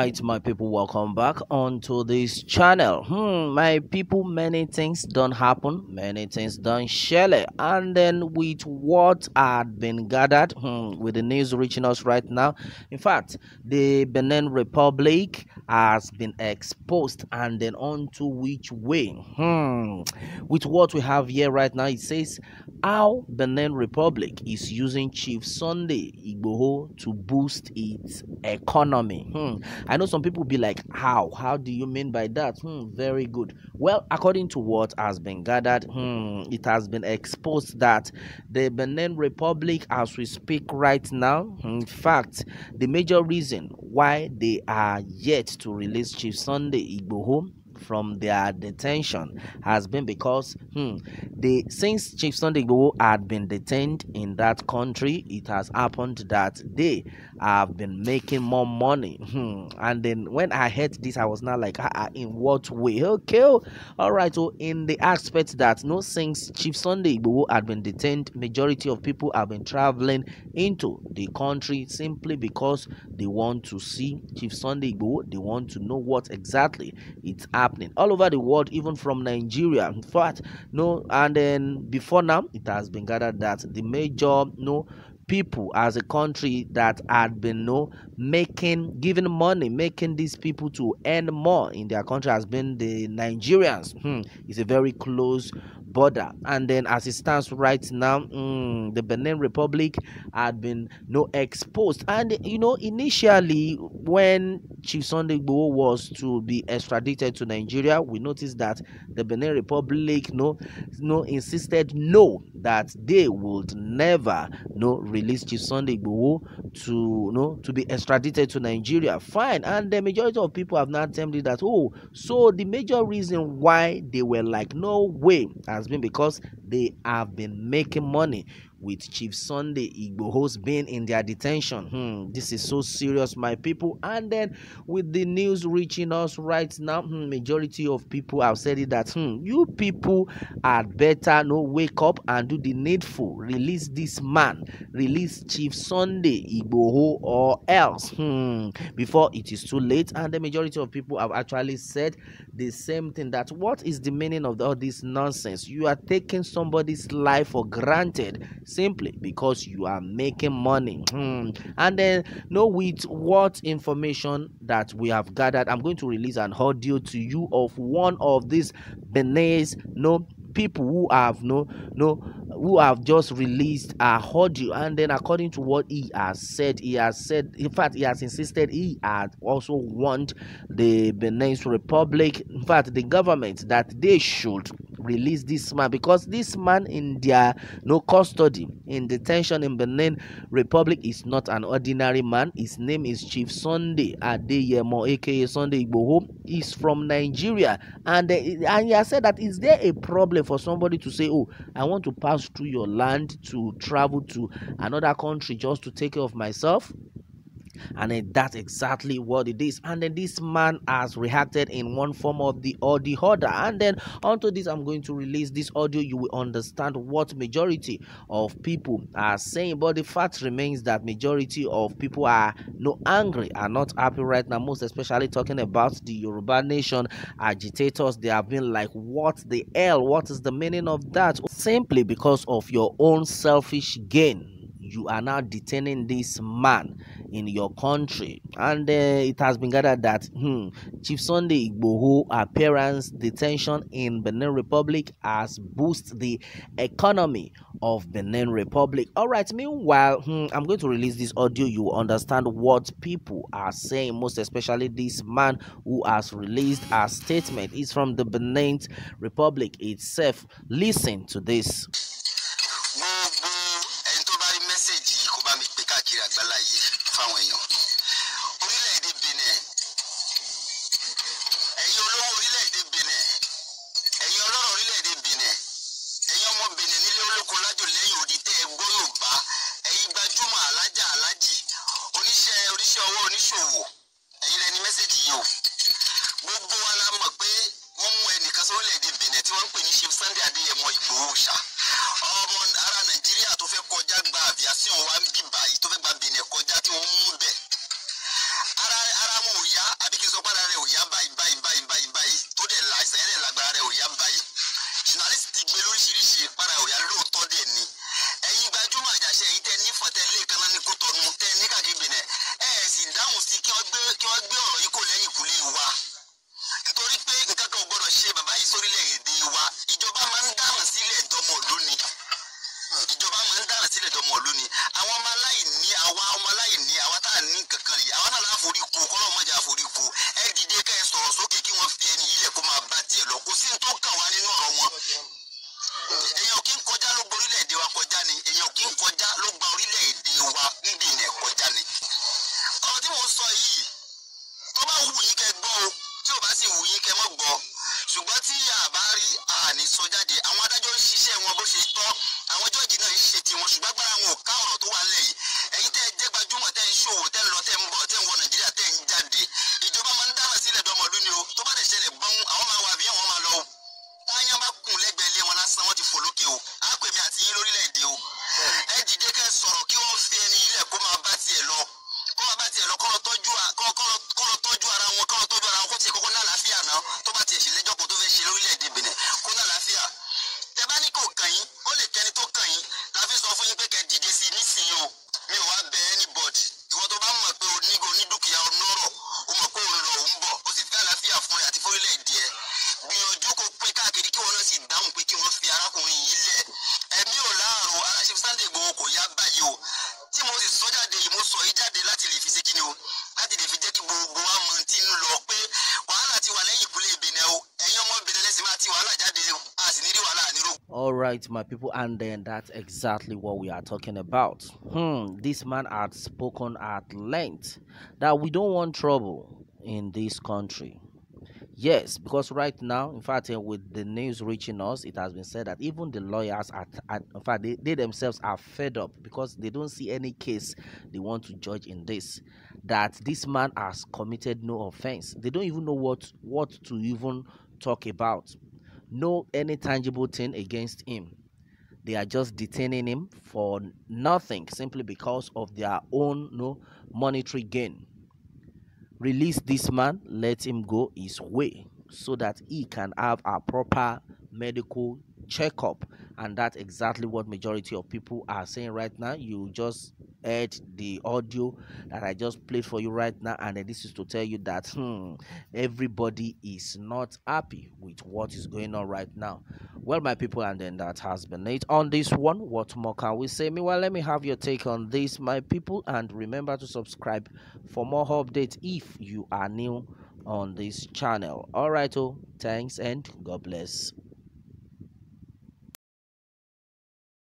right my people welcome back onto this channel hmm, my people many things don't happen many things don't share and then with what had been gathered hmm, with the news reaching us right now in fact the benin republic has been exposed and then onto which way hmm, with what we have here right now it says how benin republic is using chief sunday igboho to boost its economy Hmm. I know some people be like, How? How do you mean by that? Hmm, very good. Well, according to what has been gathered, hmm, it has been exposed that the Benin Republic, as we speak right now, in fact, the major reason why they are yet to release Chief Sunday Igboho from their detention has been because hmm, they since Chief Sunday Igboho had been detained in that country, it has happened that they have been making more money. Hmm. And then when I heard this, I was not like, ah, ah in what way? Okay, oh, all right. So in the aspect that no since Chief Sunday Igboho had been detained, majority of people have been traveling into the country simply because they want to see Chief Sunday Igboho. They want to know what exactly it's up happening all over the world, even from Nigeria. In fact, no, and then before now, it has been gathered that the major no people as a country that had been no making giving money making these people to earn more in their country has been the nigerians hmm. it's a very close border and then as it stands right now hmm, the benin republic had been no exposed and you know initially when Chief Sunday Igboho was to be extradited to Nigeria, we noticed that the Benin Republic no, no insisted no that they would never no release Chief Sunday Igboho to no to be extradited to Nigeria. Fine, and the majority of people have now attempted that. Oh, so the major reason why they were like no way has been because they have been making money with Chief Sunday Igboho's being in their detention. Hmm, this is so serious, my people. And then with the news reaching us right now, hmm, majority of people have said it that hmm, you people had better no wake up and do the needful. Release this man, release Chief Sunday Igboho, or else hmm, before it is too late. And the majority of people have actually said the same thing. That what is the meaning of all this nonsense? You are taking somebody's life for granted simply because you are making money. Hmm. And then, know with what information that we have gathered, I'm going to release an audio to you of one of these Benes, no people who have no no who have just released a audio and then according to what he has said he has said in fact he has insisted he had also want the benin republic in fact the government that they should release this man because this man in their no custody in detention in Benin Republic is not an ordinary man. His name is Chief Sunday Adeyemo, aka Sunday Igboho. He's from Nigeria, and uh, and he has said that is there a problem for somebody to say, oh, I want to pass through your land to travel to another country just to take care of myself? and then that's exactly what it is and then this man has reacted in one form of the or the other and then onto this i'm going to release this audio you will understand what majority of people are saying but the fact remains that majority of people are no angry are not happy right now most especially talking about the yoruba nation agitators they have been like what the hell what is the meaning of that simply because of your own selfish gain you are now detaining this man in your country. And uh, it has been gathered that hmm, Chief Sunday Igboho appearance detention in Benin Republic has boosted the economy of Benin Republic. All right, meanwhile, hmm, I'm going to release this audio. You understand what people are saying, most especially this man who has released a statement. It's from the Benin Republic itself. Listen to this. tí wọ́n ń pè ní ṣe Sunday Adéyẹmọ Ìgbòho ṣá ọmọ ará Nàìjíríà tó fẹ́ kọjá gba aviation wa ń yìí tó fẹ́ gba sí tó kàn wá nínú ọ̀rọ̀ wọn èèyàn kí ń kọjá ló orílẹ̀-èdè wa kọjá ni èèyàn kí ń kọjá ló orílẹ̀-èdè wa ń dènà kọjá ni ọ̀rọ̀ tí mò ń sọ yìí tó bá wù yín kẹ́ gbọ́ o tí ò bá sì wù yín kẹ́ mọ́ gbọ́ ṣùgbọ́n tí a àní sọ jáde àwọn adájọ́ ń ṣiṣẹ́ wọn bó ṣe tọ́ àwọn jọ́ọ̀jì náà ń ṣe all right my people and then that's exactly what we are talking about hmm this man had spoken at length that we don't want trouble in this country yes because right now in fact eh, with the news reaching us it has been said that even the lawyers are, are in fact they, they themselves are fed up because they don't see any case they want to judge in this that this man has committed no offense they don't even know what what to even talk about no any tangible thing against him. They are just detaining him for nothing simply because of their own no monetary gain. Release this man, let him go his way so that he can have a proper medical checkup and that's exactly what majority of people are saying right now you just heard the audio that i just played for you right now and this is to tell you that hmm, everybody is not happy with what is going on right now well my people and then that has been it on this one what more can we say meanwhile let me have your take on this my people and remember to subscribe for more updates if you are new on this channel all right oh thanks and god bless